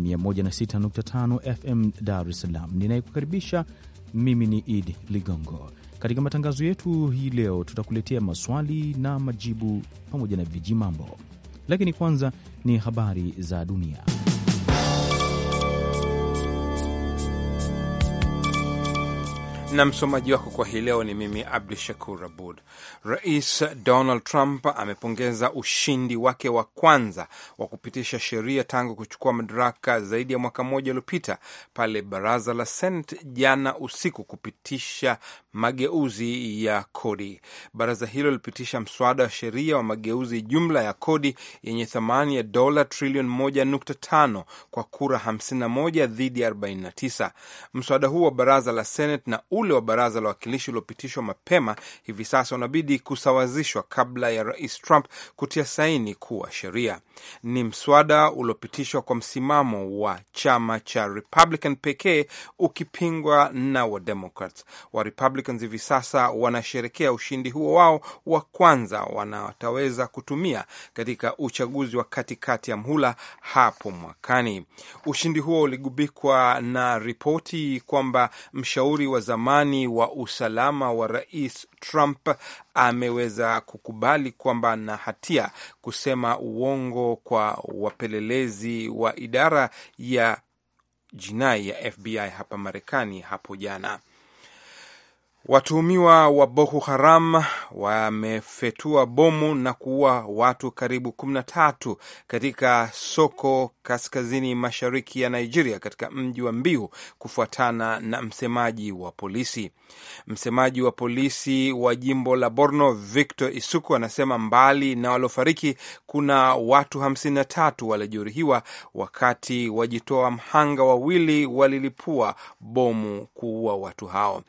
106.5 FM Dar es Salaam. Ninayekukaribisha mimi ni Idi Ligongo. Katika matangazo yetu hii leo, tutakuletea maswali na majibu pamoja na viji mambo lakini kwanza ni habari za dunia. na msomaji wako kwa hii leo ni mimi Abdu Shakur Abud. Rais Donald Trump amepongeza ushindi wake wa kwanza wa kupitisha sheria tangu kuchukua madaraka zaidi ya mwaka mmoja uliopita, pale baraza la Senate jana usiku kupitisha mageuzi ya kodi. Baraza hilo lilipitisha mswada wa sheria wa mageuzi jumla ya kodi yenye thamani ya dola trilioni 1.5 kwa kura 51 dhidi ya 49. Mswada huu wa baraza la Senate na ule wa baraza la wakilishi uliopitishwa mapema hivi sasa unabidi kusawazishwa kabla ya rais Trump kutia saini kuwa sheria. Ni mswada uliopitishwa kwa msimamo wa chama cha Republican pekee ukipingwa na Wademocrats. Wa Republicans hivi sasa wanasherekea ushindi huo wao wa kwanza wanataweza kutumia katika uchaguzi wa katikati ya mhula hapo mwakani. Ushindi huo uligubikwa na ripoti kwamba mshauri wa zamani zamani wa usalama wa rais Trump ameweza kukubali kwamba na hatia kusema uongo kwa wapelelezi wa idara ya jinai ya FBI hapa Marekani hapo jana. Watuhumiwa wa Boko Haram wamefetua bomu na kuua watu karibu 13 katika soko kaskazini mashariki ya Nigeria, katika mji wa Mbiu, kufuatana na msemaji wa polisi. Msemaji wa polisi wa jimbo la Borno, Victor Isuku, anasema mbali na waliofariki, kuna watu 53 waliojeruhiwa wakati wajitoa mhanga wawili walilipua bomu kuua watu hao.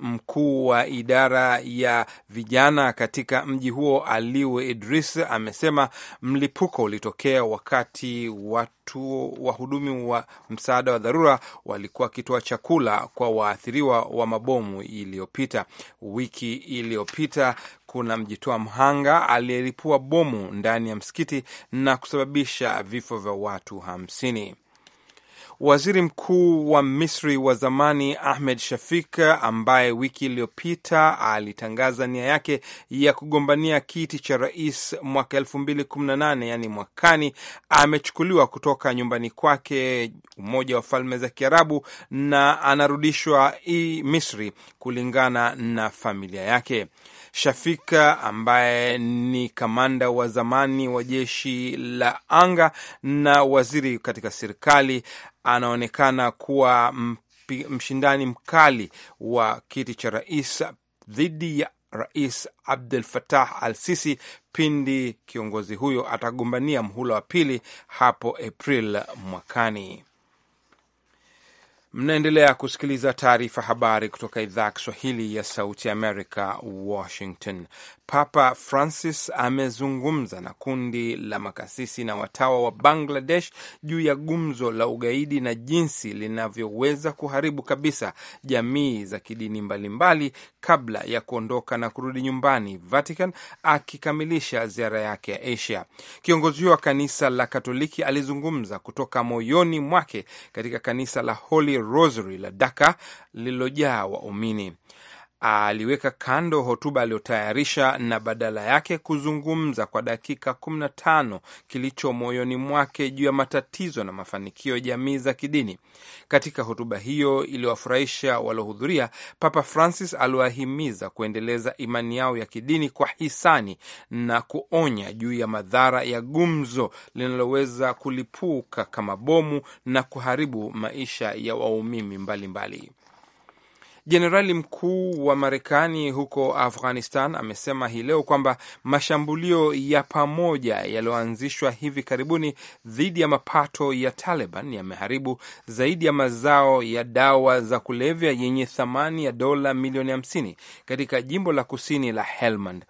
Mkuu mkuu wa idara ya vijana katika mji huo Aliwe Idris amesema mlipuko ulitokea wakati watu wahudumi wa msaada wa dharura walikuwa wakitoa chakula kwa waathiriwa wa mabomu iliyopita. Wiki iliyopita kuna mjitoa mhanga aliyelipua bomu ndani ya msikiti na kusababisha vifo vya watu hamsini. Waziri mkuu wa Misri wa zamani Ahmed Shafik, ambaye wiki iliyopita alitangaza nia yake ya kugombania kiti cha rais mwaka elfu mbili kumi na nane yaani mwakani, amechukuliwa kutoka nyumbani kwake Umoja wa Falme za Kiarabu na anarudishwa i Misri kulingana na familia yake. Shafika ambaye ni kamanda wa zamani wa jeshi la anga na waziri katika serikali anaonekana kuwa mshindani mkali wa kiti cha rais dhidi ya Rais Abdel Fattah al Sisi pindi kiongozi huyo atagombania mhula wa pili hapo April mwakani. Mnaendelea kusikiliza taarifa habari kutoka idhaa ya Kiswahili ya Sauti Amerika, Washington. Papa Francis amezungumza na kundi la makasisi na watawa wa Bangladesh juu ya gumzo la ugaidi na jinsi linavyoweza kuharibu kabisa jamii za kidini mbalimbali kabla ya kuondoka na kurudi nyumbani Vatican, akikamilisha ziara yake ya Asia. Kiongozi huyo wa kanisa la Katoliki alizungumza kutoka moyoni mwake katika kanisa la Holy Rosary la Dhaka lililojaa waumini aliweka kando hotuba aliyotayarisha na badala yake kuzungumza kwa dakika 15 kilicho moyoni mwake juu ya matatizo na mafanikio ya jamii za kidini. Katika hotuba hiyo iliyowafurahisha waliohudhuria, Papa Francis aliwahimiza kuendeleza imani yao ya kidini kwa hisani na kuonya juu ya madhara ya gumzo linaloweza kulipuka kama bomu na kuharibu maisha ya waumini mbalimbali. Jenerali mkuu wa Marekani huko Afghanistan amesema hii leo kwamba mashambulio ya pamoja yaliyoanzishwa hivi karibuni dhidi ya mapato ya Taliban yameharibu zaidi ya mazao ya dawa za kulevya yenye thamani ya dola milioni hamsini katika jimbo la kusini la Helmand.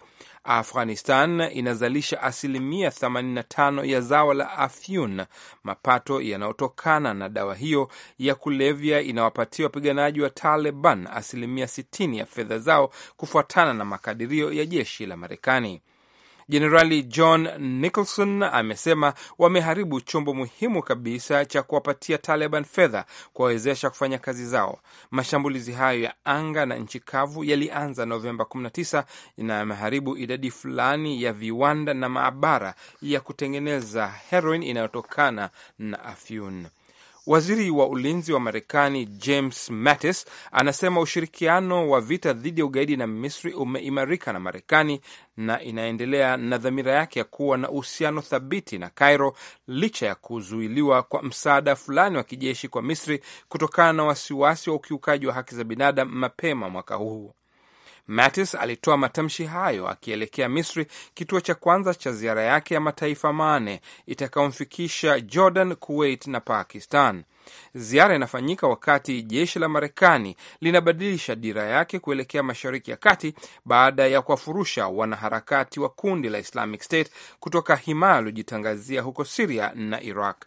Afghanistan inazalisha asilimia 85 ya zao la afyun. Mapato yanayotokana na dawa hiyo ya kulevya inawapatia wapiganaji wa Taliban asilimia 60 ya fedha zao, kufuatana na makadirio ya jeshi la Marekani. Jenerali John Nicholson amesema wameharibu chombo muhimu kabisa cha kuwapatia Taliban fedha kuwawezesha kufanya kazi zao. Mashambulizi hayo ya anga na nchi kavu yalianza Novemba 19 na yameharibu idadi fulani ya viwanda na maabara ya kutengeneza heroin inayotokana na afyun. Waziri wa ulinzi wa Marekani James Mattis anasema ushirikiano wa vita dhidi ya ugaidi na Misri umeimarika na Marekani na inaendelea na dhamira yake ya kuwa na uhusiano thabiti na Cairo licha ya kuzuiliwa kwa msaada fulani wa kijeshi kwa Misri kutokana na wasiwasi wa ukiukaji wa haki za binadamu mapema mwaka huu. Mattis alitoa matamshi hayo akielekea Misri, kituo cha kwanza cha ziara yake ya mataifa mane itakayomfikisha Jordan, Kuwait na Pakistan. Ziara inafanyika wakati jeshi la Marekani linabadilisha dira yake kuelekea Mashariki ya Kati baada ya kuwafurusha wanaharakati wa kundi la Islamic State kutoka himaya aliojitangazia huko Siria na Iraq.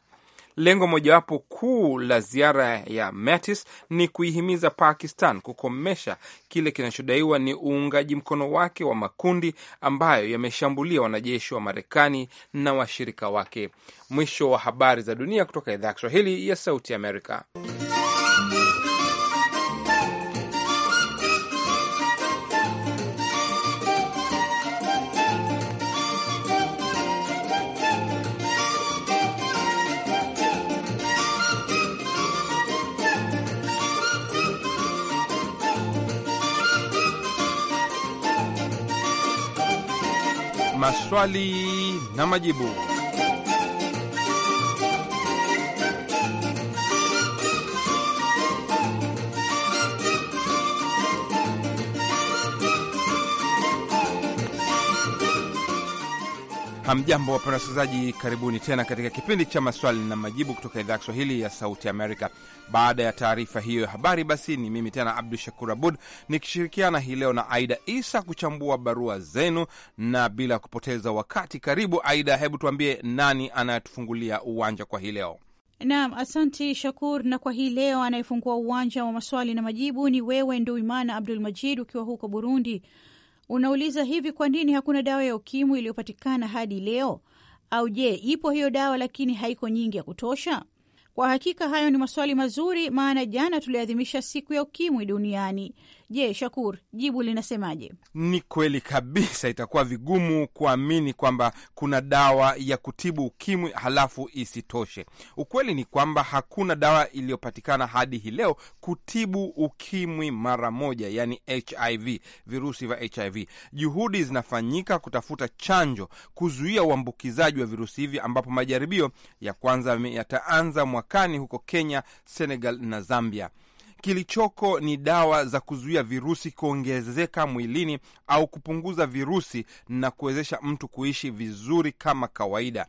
Lengo mojawapo kuu la ziara ya Mattis ni kuihimiza Pakistan kukomesha kile kinachodaiwa ni uungaji mkono wake wa makundi ambayo yameshambulia wanajeshi wa Marekani na washirika wake. Mwisho wa habari za dunia kutoka idhaa ya Kiswahili ya Sauti Amerika. maswali na majibu. Hamjambo, wapenda wasikilizaji, karibuni tena katika kipindi cha maswali na majibu kutoka idhaa ya Kiswahili ya Sauti Amerika. Baada ya taarifa hiyo ya habari, basi ni mimi tena Abdu Shakur Abud nikishirikiana hii leo na Aida Isa kuchambua barua zenu, na bila kupoteza wakati, karibu Aida, hebu tuambie nani anayetufungulia uwanja kwa hii leo? Naam, asanti Shakur. Na kwa hii leo anayefungua uwanja wa maswali na majibu ni wewe Nduimana Abdul Majid ukiwa huko Burundi. Unauliza hivi, kwa nini hakuna dawa ya ukimwi iliyopatikana hadi leo? Au je, ipo hiyo dawa lakini haiko nyingi ya kutosha? Kwa hakika hayo ni maswali mazuri, maana jana tuliadhimisha siku ya ukimwi duniani Je, Shakur, jibu linasemaje? Ni kweli kabisa, itakuwa vigumu kuamini kwamba kuna dawa ya kutibu ukimwi halafu isitoshe. Ukweli ni kwamba hakuna dawa iliyopatikana hadi hii leo kutibu ukimwi mara moja, yani HIV, virusi vya HIV. Juhudi zinafanyika kutafuta chanjo kuzuia uambukizaji wa virusi hivi, ambapo majaribio ya kwanza yataanza mwakani huko Kenya, Senegal na Zambia kilichoko ni dawa za kuzuia virusi kuongezeka mwilini au kupunguza virusi na kuwezesha mtu kuishi vizuri kama kawaida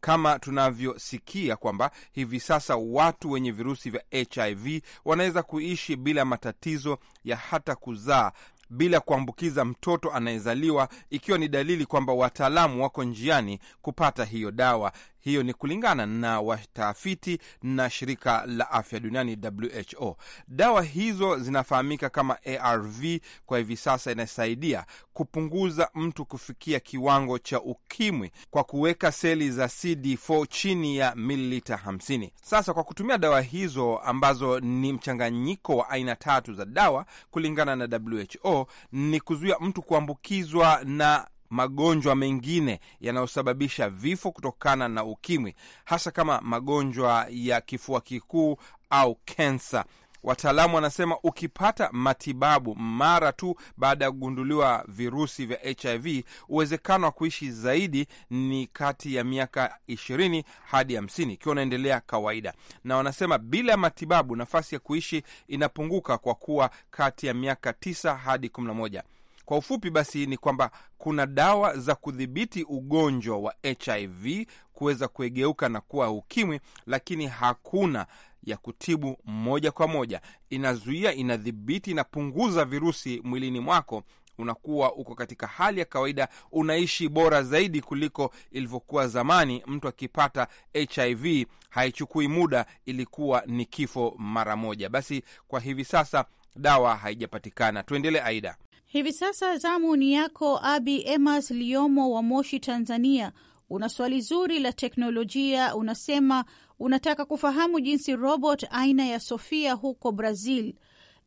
kama tunavyosikia kwamba hivi sasa watu wenye virusi vya HIV wanaweza kuishi bila matatizo ya hata kuzaa bila kuambukiza mtoto anayezaliwa, ikiwa ni dalili kwamba wataalamu wako njiani kupata hiyo dawa hiyo ni kulingana na watafiti na shirika la afya duniani WHO. Dawa hizo zinafahamika kama ARV, kwa hivi sasa inasaidia kupunguza mtu kufikia kiwango cha ukimwi kwa kuweka seli za CD4 chini ya mililita 50. Sasa kwa kutumia dawa hizo ambazo ni mchanganyiko wa aina tatu za dawa kulingana na WHO, ni kuzuia mtu kuambukizwa na magonjwa mengine yanayosababisha vifo kutokana na ukimwi, hasa kama magonjwa ya kifua kikuu au kensa. Wataalamu wanasema ukipata matibabu mara tu baada ya kugunduliwa virusi vya HIV, uwezekano wa kuishi zaidi ni kati ya miaka ishirini hadi hamsini ikiwa unaendelea kawaida. Na wanasema bila ya matibabu nafasi ya kuishi inapunguka kwa kuwa kati ya miaka 9 hadi moja. Kwa ufupi basi ni kwamba kuna dawa za kudhibiti ugonjwa wa HIV kuweza kuegeuka na kuwa ukimwi, lakini hakuna ya kutibu moja kwa moja. Inazuia, inadhibiti, inapunguza virusi mwilini mwako unakuwa uko katika hali ya kawaida, unaishi bora zaidi kuliko ilivyokuwa zamani. Mtu akipata HIV haichukui muda, ilikuwa ni kifo mara moja. Basi kwa hivi sasa dawa haijapatikana. Tuendelee, Aida. Hivi sasa zamu ni yako, Abi Emas Liomo wa Moshi, Tanzania. Una swali zuri la teknolojia, unasema unataka kufahamu jinsi robot aina ya Sofia huko Brazil,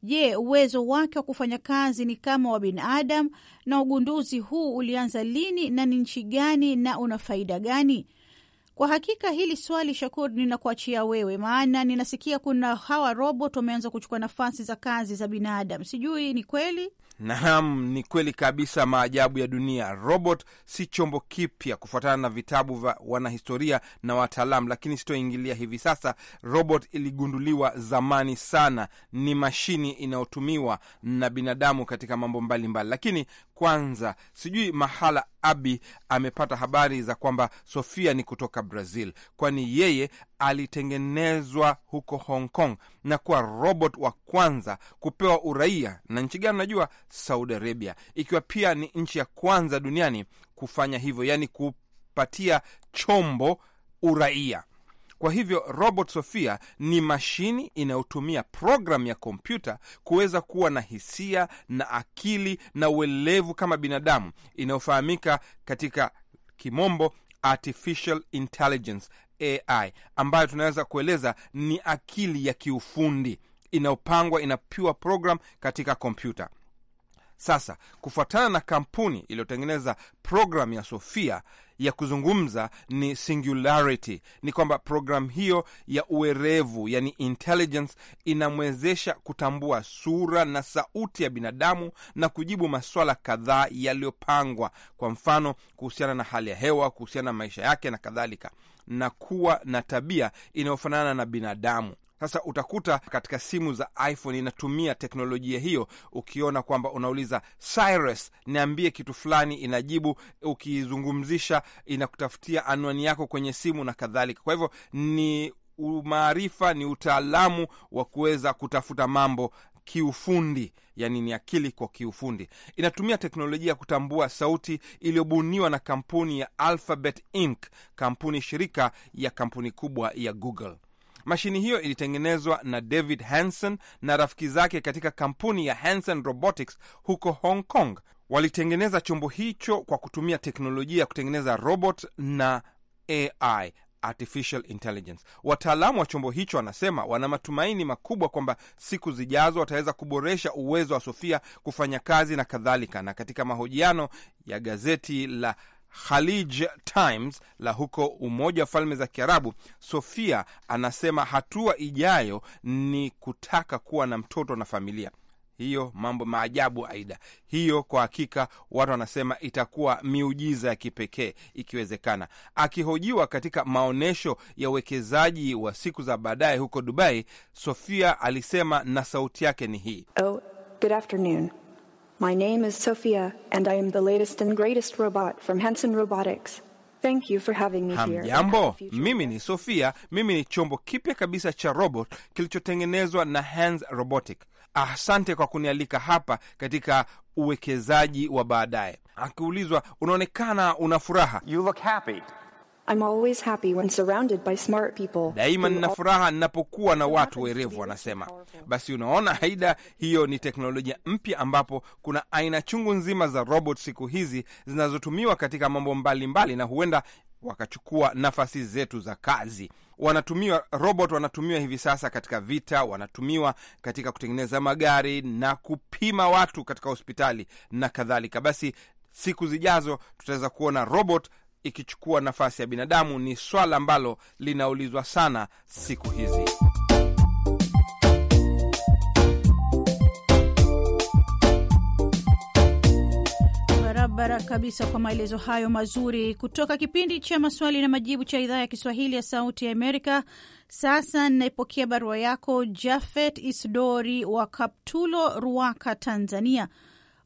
je, uwezo wake wa kufanya kazi ni kama wa binadamu? Na ugunduzi huu ulianza lini na ni nchi gani na una faida gani? Kwa hakika hili swali Shakur, ninakuachia wewe, maana ninasikia kuna hawa robot wameanza kuchukua nafasi za kazi za binadamu. Sijui ni kweli? Naam, ni kweli kabisa, maajabu ya dunia. Robot si chombo kipya kufuatana na vitabu vya wanahistoria na wataalam lakini sitoingilia hivi sasa. Robot iligunduliwa zamani sana, ni mashini inayotumiwa na binadamu katika mambo mbalimbali mbali. Lakini kwanza. Sijui mahala Abi amepata habari za kwamba Sofia ni kutoka Brazil, kwani yeye alitengenezwa huko Hong Kong na kuwa robot wa kwanza kupewa uraia na nchi gani? Najua Saudi Arabia, ikiwa pia ni nchi ya kwanza duniani kufanya hivyo, yaani kupatia chombo uraia. Kwa hivyo robot Sofia ni mashini inayotumia programu ya kompyuta kuweza kuwa na hisia na akili na uelevu kama binadamu, inayofahamika katika kimombo artificial intelligence AI, ambayo tunaweza kueleza ni akili ya kiufundi inayopangwa, inapiwa programu katika kompyuta. Sasa, kufuatana na kampuni iliyotengeneza programu ya Sofia, ya kuzungumza ni singularity, ni kwamba programu hiyo ya uwerevu yani intelligence, inamwezesha kutambua sura na sauti ya binadamu na kujibu maswala kadhaa yaliyopangwa, kwa mfano kuhusiana na hali ya hewa, kuhusiana na maisha yake na kadhalika, na kuwa na tabia inayofanana na binadamu. Sasa utakuta katika simu za iPhone inatumia teknolojia hiyo. Ukiona kwamba unauliza Cyrus, niambie kitu fulani, inajibu. Ukizungumzisha inakutafutia anwani yako kwenye simu na kadhalika. Kwa hivyo ni umaarifa, ni utaalamu wa kuweza kutafuta mambo kiufundi yani ni akili kwa kiufundi. Inatumia teknolojia ya kutambua sauti iliyobuniwa na kampuni ya Alphabet Inc, kampuni shirika ya kampuni kubwa ya Google. Mashini hiyo ilitengenezwa na David Hanson na rafiki zake katika kampuni ya Hanson Robotics huko Hong Kong. Walitengeneza chombo hicho kwa kutumia teknolojia ya kutengeneza robot na AI, artificial intelligence. Wataalamu wa chombo hicho wanasema wana matumaini makubwa kwamba siku zijazo wataweza kuboresha uwezo wa Sofia kufanya kazi na kadhalika. Na katika mahojiano ya gazeti la Khalij Times la huko Umoja wa Falme za Kiarabu, Sofia anasema hatua ijayo ni kutaka kuwa na mtoto na familia. Hiyo mambo maajabu, aida hiyo. Kwa hakika watu wanasema itakuwa miujiza ya kipekee ikiwezekana. Akihojiwa katika maonyesho ya uwekezaji wa siku za baadaye huko Dubai, Sofia alisema na sauti yake ni hii. Oh, good afternoon. My name is Sophia, and I am the latest and greatest robot from Hanson Robotics. Thank you for having me here. Hamjambo, mimi ni Sophia. Mimi ni chombo kipya kabisa cha robot kilichotengenezwa na Hans Robotic. Asante kwa kunialika hapa katika uwekezaji wa baadaye. Akiulizwa, unaonekana una furaha. You look happy. I'm always happy when surrounded by smart people. Daima nina furaha ninapokuwa na watu werevu, wanasema. Basi unaona Haida, hiyo ni teknolojia mpya ambapo kuna aina chungu nzima za robot siku hizi zinazotumiwa katika mambo mbalimbali mbali, na huenda wakachukua nafasi zetu za kazi. Wanatumiwa robot, wanatumiwa hivi sasa katika vita, wanatumiwa katika kutengeneza magari na kupima watu katika hospitali na kadhalika. Basi siku zijazo tutaweza kuona robot ikichukua nafasi ya binadamu ni swala ambalo linaulizwa sana siku hizi. Barabara kabisa kwa maelezo hayo mazuri kutoka kipindi cha maswali na majibu cha idhaa ya Kiswahili ya Sauti ya Amerika. Sasa ninaipokea barua yako Jafet Isdori wa Kaptulo, Ruaka, Tanzania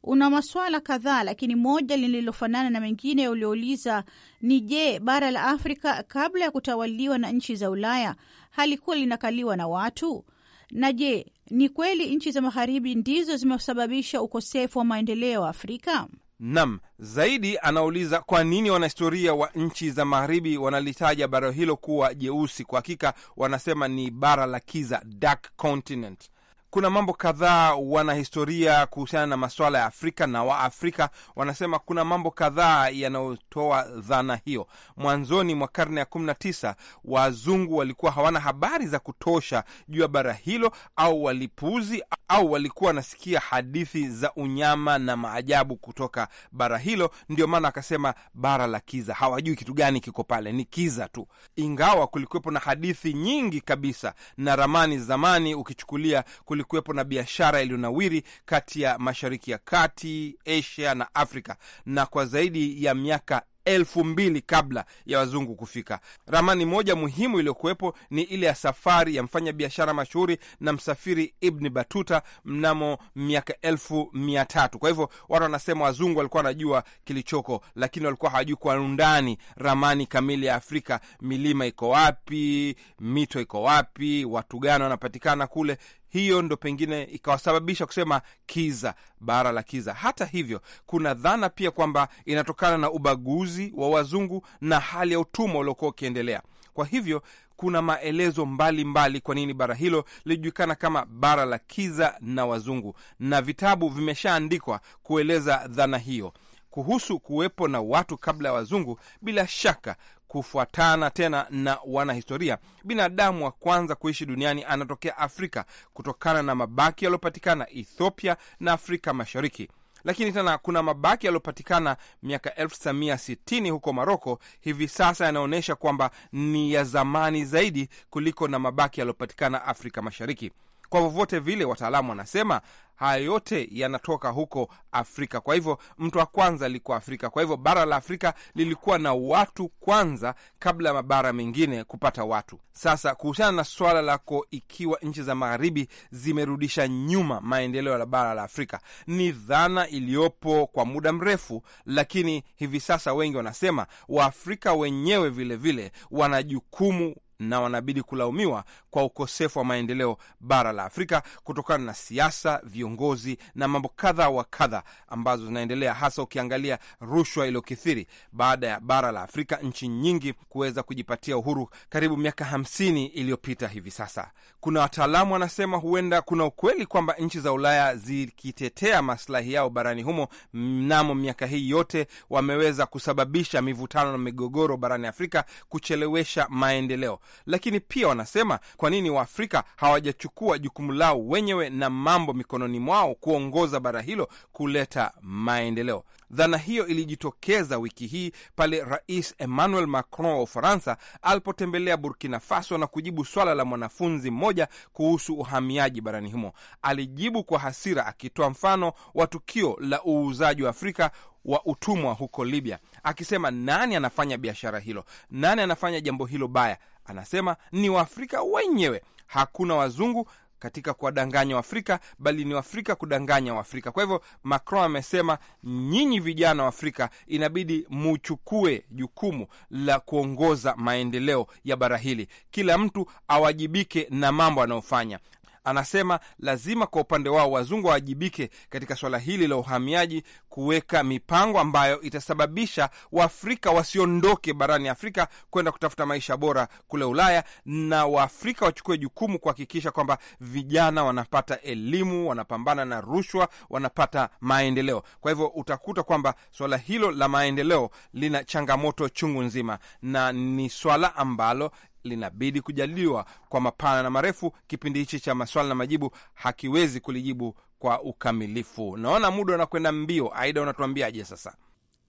una maswala kadhaa, lakini moja lililofanana na mengine uliouliza ni je, bara la Afrika kabla ya kutawaliwa na nchi za Ulaya halikuwa linakaliwa na watu? Na je, ni kweli nchi za magharibi ndizo zimesababisha ukosefu wa maendeleo Afrika? Nam zaidi anauliza kwa nini wanahistoria wa nchi za magharibi wanalitaja bara hilo kuwa jeusi. Kwa hakika wanasema ni bara la kiza, dark continent kuna mambo kadhaa. Wanahistoria kuhusiana na masuala ya Afrika na Waafrika wanasema kuna mambo kadhaa yanayotoa dhana hiyo. Mwanzoni mwa karne ya kumi na tisa wazungu walikuwa hawana habari za kutosha juu ya bara hilo, au walipuuzi, au walikuwa wanasikia hadithi za unyama na maajabu kutoka bara hilo. Ndio maana akasema bara la kiza, hawajui kitu gani kiko pale, ni kiza tu, ingawa kulikuwepo na hadithi nyingi kabisa na ramani zamani, ukichukulia kulikuwepo na biashara iliyonawiri kati ya Mashariki ya Kati, Asia na Afrika, na kwa zaidi ya miaka elfu mbili kabla ya wazungu kufika. Ramani moja muhimu iliyokuwepo ni ile ya safari ya mfanya biashara mashuhuri na msafiri Ibn Batuta mnamo miaka elfu mia tatu. Kwa hivyo watu wanasema wazungu walikuwa wanajua kilichoko, lakini walikuwa hawajui kwa undani ramani kamili ya Afrika, milima iko wapi, mito iko wapi, watu gani wanapatikana kule hiyo ndo pengine ikawasababisha kusema kiza, bara la kiza. Hata hivyo, kuna dhana pia kwamba inatokana na ubaguzi wa wazungu na hali ya utumwa uliokuwa ukiendelea. Kwa hivyo kuna maelezo mbalimbali kwa nini bara hilo lilijulikana kama bara la kiza na wazungu, na vitabu vimeshaandikwa kueleza dhana hiyo kuhusu kuwepo na watu kabla ya wazungu, bila shaka kufuatana tena na wanahistoria, binadamu wa kwanza kuishi duniani anatokea Afrika kutokana na mabaki yaliyopatikana Ethiopia na Afrika Mashariki. Lakini tena kuna mabaki yaliyopatikana miaka 1960 huko Maroko, hivi sasa yanaonyesha kwamba ni ya zamani zaidi kuliko na mabaki yaliyopatikana Afrika Mashariki. Kwa vyovyote vile, wataalamu wanasema haya yote yanatoka huko Afrika. Kwa hivyo mtu wa kwanza alikuwa Afrika. Kwa hivyo bara la Afrika lilikuwa na watu kwanza kabla ya mabara mengine kupata watu. Sasa kuhusiana na swala lako, ikiwa nchi za magharibi zimerudisha nyuma maendeleo ya bara la Afrika, ni dhana iliyopo kwa muda mrefu, lakini hivi sasa wengi wanasema Waafrika wenyewe vilevile wana jukumu na wanabidi kulaumiwa kwa ukosefu wa maendeleo bara la Afrika kutokana na siasa, viongozi na mambo kadha wa kadha ambazo zinaendelea, hasa ukiangalia rushwa iliyokithiri baada ya bara la Afrika nchi nyingi kuweza kujipatia uhuru karibu miaka hamsini iliyopita. Hivi sasa kuna wataalamu wanasema huenda kuna ukweli kwamba nchi za Ulaya zikitetea maslahi yao barani humo mnamo miaka hii yote wameweza kusababisha mivutano na migogoro barani Afrika, kuchelewesha maendeleo lakini pia wanasema kwa nini Waafrika hawajachukua jukumu lao wenyewe na mambo mikononi mwao kuongoza bara hilo kuleta maendeleo. Dhana hiyo ilijitokeza wiki hii pale Rais Emmanuel Macron wa Ufaransa alipotembelea Burkina Faso na kujibu swala la mwanafunzi mmoja kuhusu uhamiaji barani humo. Alijibu kwa hasira akitoa mfano wa tukio la uuzaji wa Afrika wa utumwa huko Libya akisema nani anafanya biashara hilo, nani anafanya jambo hilo baya. Anasema ni Waafrika wenyewe, hakuna wazungu katika kuwadanganya Waafrika bali ni Waafrika kudanganya Waafrika. Kwa hivyo Macron amesema nyinyi vijana wa Afrika inabidi muchukue jukumu la kuongoza maendeleo ya bara hili, kila mtu awajibike na mambo anayofanya. Anasema lazima kwa upande wao wazungu wawajibike katika swala hili la uhamiaji, kuweka mipango ambayo itasababisha Waafrika wasiondoke barani Afrika kwenda kutafuta maisha bora kule Ulaya, na Waafrika wachukue jukumu kuhakikisha kwamba vijana wanapata elimu, wanapambana na rushwa, wanapata maendeleo. Kwa hivyo utakuta kwamba swala hilo la maendeleo lina changamoto chungu nzima, na ni swala ambalo linabidi kujadiliwa kwa mapana na marefu. Kipindi hichi cha maswala na majibu hakiwezi kulijibu kwa ukamilifu. Naona muda unakwenda mbio. Aida, unatuambiaje sasa?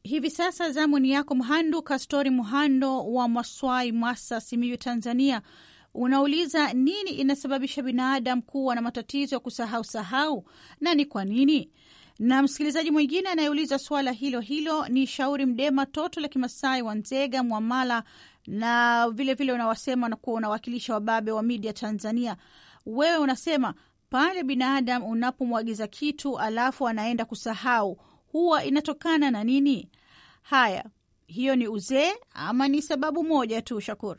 Hivi sasa zamu ni yako Mhandu Kastori mhando wa Mwaswai, Mwasa, Simiyu, Tanzania. Unauliza, nini inasababisha binadamu kuwa na matatizo ya kusahau sahau na ni kwa nini? Na msikilizaji mwingine anayeuliza suala hilo hilo ni Shauri Mdema, toto la Kimasai wa Nzega, Mwamala, na vilevile vile unawasema nakuwa unawakilisha wababe wa media Tanzania. Wewe unasema pale binadamu unapomwagiza kitu alafu anaenda kusahau, huwa inatokana na nini? Haya, hiyo ni uzee ama ni sababu moja tu, Shakur?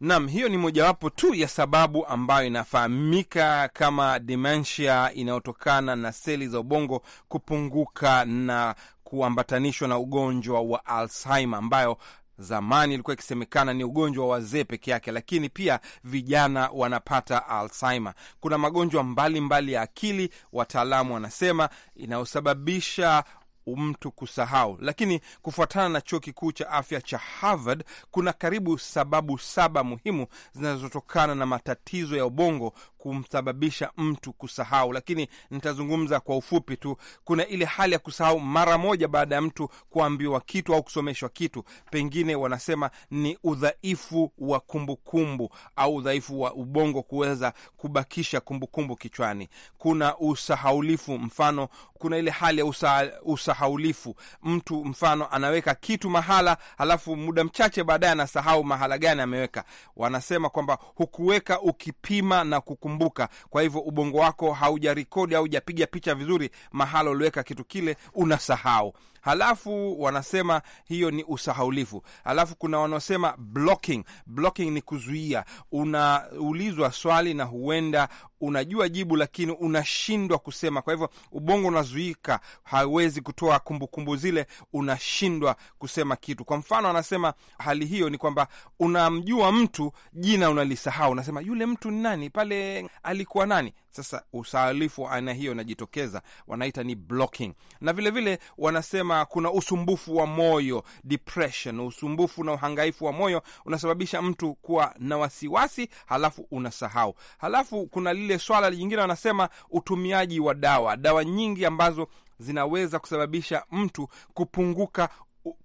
Nam, hiyo ni mojawapo tu ya sababu ambayo inafahamika kama dementia inayotokana na seli za ubongo kupunguka na kuambatanishwa na ugonjwa wa Alzheimer ambayo Zamani ilikuwa ikisemekana ni ugonjwa wa wazee peke yake, lakini pia vijana wanapata Alzheimer. Kuna magonjwa mbalimbali mbali ya akili, wataalamu wanasema inayosababisha mtu kusahau, lakini kufuatana na chuo kikuu cha afya cha Harvard kuna karibu sababu saba muhimu zinazotokana na matatizo ya ubongo kumsababisha mtu kusahau, lakini nitazungumza kwa ufupi tu. Kuna ile hali ya kusahau mara moja baada ya mtu kuambiwa kitu au kusomeshwa kitu, pengine wanasema ni udhaifu wa kumbukumbu -kumbu, au udhaifu wa ubongo kuweza kubakisha kumbukumbu -kumbu kichwani. Kuna usahaulifu, mfano kuna ile hali ya usa, usa usahaulifu. Mtu mfano anaweka kitu mahala, alafu muda mchache baadaye anasahau mahala gani ameweka. Wanasema kwamba hukuweka ukipima na kukumbuka, kwa hivyo ubongo wako rikodi au japiga picha vizuri mahala uliweka kitu kile, unasahau. Halafu wanasema hiyo ni usahaulifu. Halafu kuna wanaosema blocking. Blocking ni kuzuia. Unaulizwa swali na huenda unajua jibu lakini unashindwa kusema. Kwa hivyo ubongo unazuika, hawezi kutoa kumbukumbu zile, unashindwa kusema kitu. Kwa mfano, anasema hali hiyo ni kwamba unamjua mtu, jina unalisahau, unasema yule mtu ni nani, pale alikuwa nani. Sasa usaalifu wa aina hiyo unajitokeza, wanaita ni blocking. Na vilevile vile, wanasema kuna usumbufu wa moyo depression, usumbufu na uhangaifu wa moyo unasababisha mtu kuwa na wasiwasi, halafu unasahau, halafu kuna lile swala jingine wanasema utumiaji wa dawa, dawa nyingi ambazo zinaweza kusababisha mtu kupunguka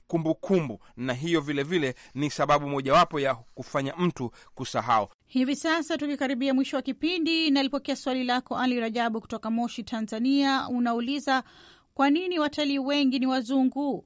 kumbukumbu kumbu, na hiyo vilevile vile ni sababu mojawapo ya kufanya mtu kusahau. Hivi sasa tukikaribia mwisho wa kipindi, nalipokea swali lako Ali Rajabu kutoka Moshi, Tanzania. Unauliza kwa nini watalii wengi ni wazungu,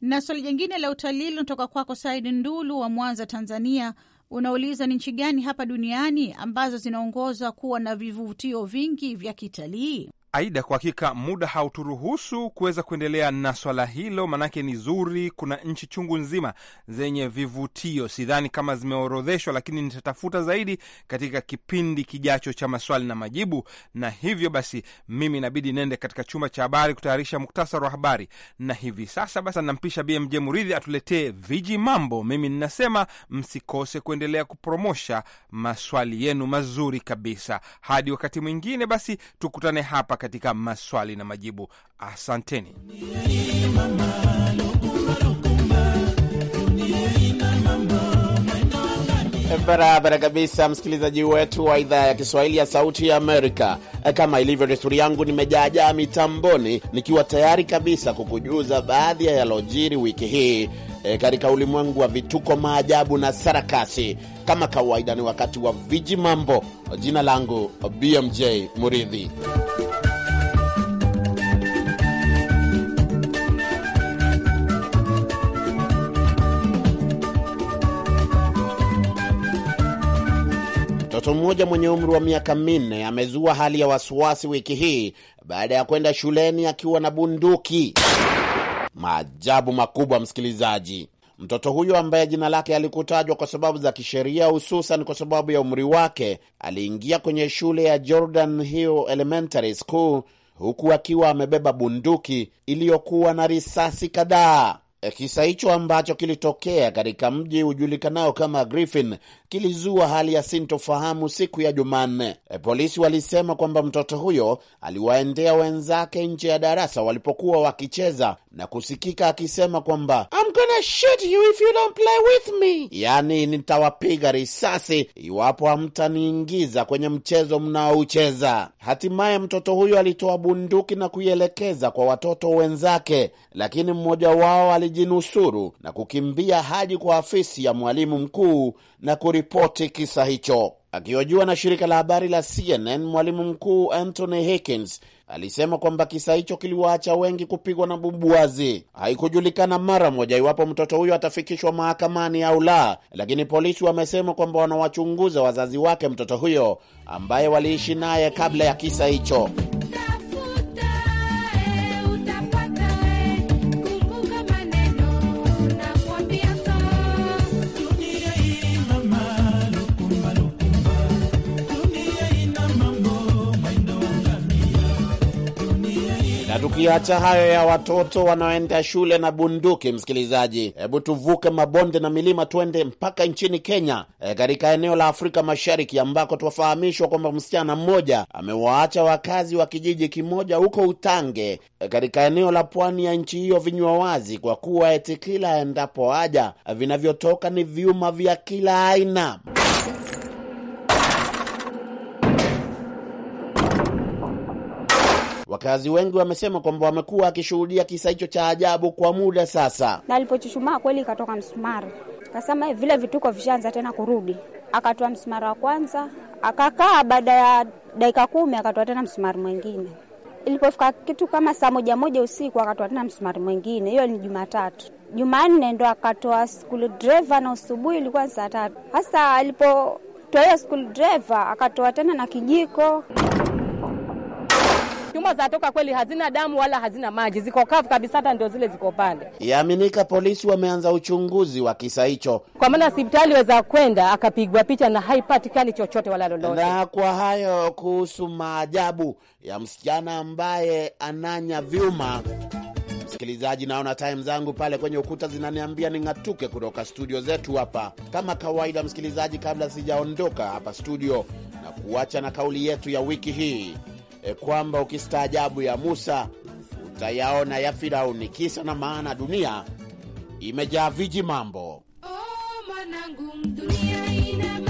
na swali jingine la utalii linatoka kwako Said Ndulu wa Mwanza, Tanzania unauliza ni nchi gani hapa duniani ambazo zinaongoza kuwa na vivutio vingi vya kitalii? Aida, kwa hakika muda hauturuhusu kuweza kuendelea na swala hilo, maanake ni zuri. Kuna nchi chungu nzima zenye vivutio, sidhani kama zimeorodheshwa, lakini nitatafuta zaidi katika kipindi kijacho cha maswali na majibu. Na hivyo basi, mimi inabidi nende katika chumba cha habari kutayarisha muktasari wa habari, na hivi sasa basi nampisha BMJ Muridhi atuletee viji mambo. Mimi ninasema msikose kuendelea kupromosha maswali yenu mazuri kabisa. Hadi wakati mwingine, basi tukutane hapa katika maswali na majibu. Asanteni. Barabara kabisa, msikilizaji wetu wa idhaa ya Kiswahili ya Sauti ya Amerika. Eh, kama ilivyo desturi yangu, nimejaajaa mitamboni nikiwa tayari kabisa kukujuza baadhi ya yalojiri wiki hii e, katika ulimwengu wa vituko, maajabu na sarakasi. Kama kawaida, ni wakati wa viji mambo. Jina langu BMJ Muridhi. Mtoto mmoja mwenye umri wa miaka minne amezua hali ya wasiwasi wiki hii baada ya kwenda shuleni akiwa na bunduki. Maajabu makubwa, msikilizaji. Mtoto huyo ambaye jina lake alikutajwa kwa sababu za kisheria, hususan kwa sababu ya umri wake, aliingia kwenye shule ya Jordan Hill Elementary School huku akiwa amebeba bunduki iliyokuwa na risasi kadhaa. Kisa hicho ambacho kilitokea katika mji hujulikanao kama Griffin kilizua hali ya sintofahamu siku ya Jumanne. E, polisi walisema kwamba mtoto huyo aliwaendea wenzake nje ya darasa walipokuwa wakicheza na kusikika akisema kwamba I'm gonna shoot you if you don't play with me, yaani nitawapiga risasi iwapo hamtaniingiza kwenye mchezo mnaoucheza. Hatimaye mtoto huyo alitoa bunduki na kuielekeza kwa watoto wenzake, lakini mmoja wao alijinusuru na kukimbia hadi kwa afisi ya mwalimu mkuu na kuripoti kisa hicho. Akihojiwa na shirika la habari la CNN, mwalimu mkuu Anthony Hickins alisema kwamba kisa hicho kiliwaacha wengi kupigwa na bubuazi Haikujulikana mara moja iwapo mtoto huyo atafikishwa mahakamani au la, lakini polisi wamesema kwamba wanawachunguza wazazi wake mtoto huyo ambaye waliishi naye kabla ya kisa hicho. Na tukiacha hayo ya watoto wanaoenda shule na bunduki, msikilizaji, hebu tuvuke mabonde na milima tuende mpaka nchini Kenya, eh, katika e, eneo la Afrika Mashariki ambako twafahamishwa kwamba msichana mmoja amewaacha wakazi wa kijiji kimoja huko Utange, e, katika eneo la pwani ya nchi hiyo vinywa wazi, kwa kuwa eti kila endapo haja vinavyotoka ni vyuma vya kila aina. Wakazi wengi wamesema kwamba wamekuwa wakishuhudia kisa hicho cha ajabu kwa muda sasa. Na alipochuchumaa kweli ikatoka msumari, kasema eh, vile vituko vishaanza tena kurudi, akatoa msumari wa kwanza akakaa, baada ya dakika kumi akatoa tena msumari mwingine. Ilipofika kitu kama saa moja moja usiku akatoa tena msumari mwingine. Hiyo ni Jumatatu. Jumanne ndo akatoa skulu dreva, na usubuhi ilikuwa ni saa tatu. Hasa alipotoa hiyo skulu dreva akatoa tena na kijiko chuma za toka kweli hazina damu wala hazina maji, ziko kavu kabisa, hata ndio zile ziko pale. Yaaminika polisi wameanza uchunguzi wa kisa hicho, kwa maana hospitali weza kwenda akapigwa picha na haipatikani chochote wala lolote. Na kwa hayo kuhusu maajabu ya msichana ambaye ananya vyuma Msikilizaji, naona time zangu pale kwenye ukuta zinaniambia ning'atuke kutoka studio zetu hapa. Kama kawaida, msikilizaji, kabla sijaondoka hapa studio na kuacha na kauli yetu ya wiki hii E, kwamba ukistaajabu ya Musa utayaona ya Firauni. Kisa na maana, dunia imejaa viji mambo. Oh, manangu, dunia ina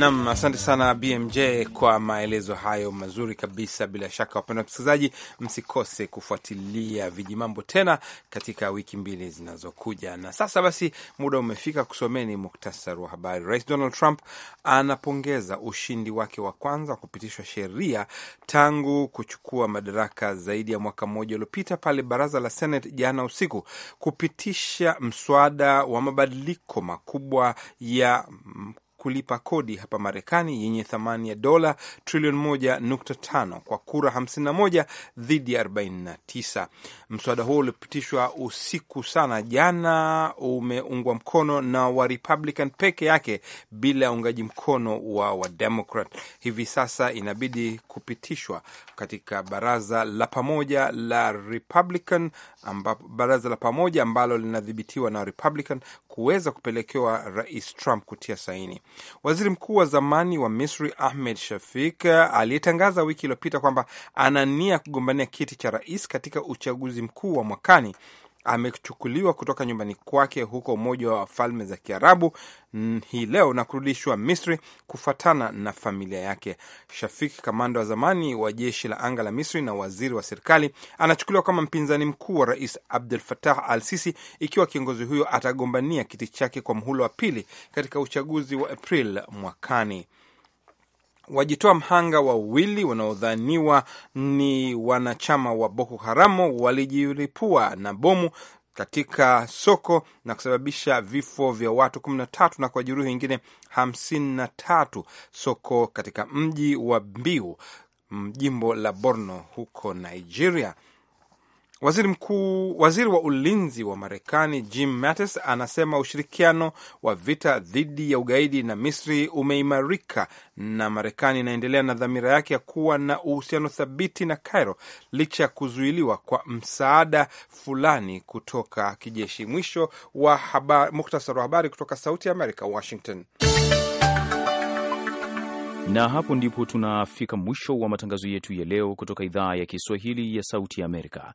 Nam, asante sana BMJ kwa maelezo hayo mazuri kabisa. Bila shaka, wapenda msikilizaji, msikose kufuatilia vijimambo tena katika wiki mbili zinazokuja. Na sasa basi, muda umefika kusomeni muktasari wa habari. Rais Donald Trump anapongeza ushindi wake wa kwanza wa kupitishwa sheria tangu kuchukua madaraka zaidi ya mwaka mmoja uliopita, pale baraza la Senate jana usiku kupitisha mswada wa mabadiliko makubwa ya kulipa kodi hapa Marekani yenye thamani ya dola trilioni moja nukta tano kwa kura 51 dhidi ya 49. Mswada huo ulipitishwa usiku sana jana, umeungwa mkono na wa Republican peke yake bila ya uungaji mkono wa Wademokrat. Hivi sasa inabidi kupitishwa katika baraza la pamoja la Republican ambapo baraza la pamoja ambalo linadhibitiwa na Republican kuweza kupelekewa Rais Trump kutia saini. Waziri mkuu wa zamani wa Misri Ahmed Shafik aliyetangaza wiki iliyopita kwamba ana nia kugombania kiti cha rais katika uchaguzi mkuu wa mwakani amechukuliwa kutoka nyumbani kwake huko Umoja wa Falme za Kiarabu hii leo na kurudishwa Misri kufuatana na familia yake. Shafik, kamanda wa zamani wa jeshi la anga la Misri na waziri wa serikali, anachukuliwa kama mpinzani mkuu wa Rais Abdel Fattah al Sisi ikiwa kiongozi huyo atagombania kiti chake kwa mhula wa pili katika uchaguzi wa April mwakani wajitoa mhanga wawili wanaodhaniwa ni wanachama wa Boko Haramu walijiripua na bomu katika soko na kusababisha vifo vya watu kumi na tatu na kwa jeruhi wengine hamsini na tatu soko katika mji wa Mbiu, jimbo la Borno huko Nigeria. Waziri mkuu, waziri wa ulinzi wa Marekani Jim Mattis anasema ushirikiano wa vita dhidi ya ugaidi na Misri umeimarika na Marekani inaendelea na dhamira yake ya kuwa na uhusiano thabiti na Cairo licha ya kuzuiliwa kwa msaada fulani kutoka kijeshi. Mwisho wa habari, muktasari wa habari kutoka Sauti ya Amerika, Washington. Na hapo ndipo tunafika mwisho wa matangazo yetu ya leo kutoka idhaa ya Kiswahili ya Sauti ya Amerika.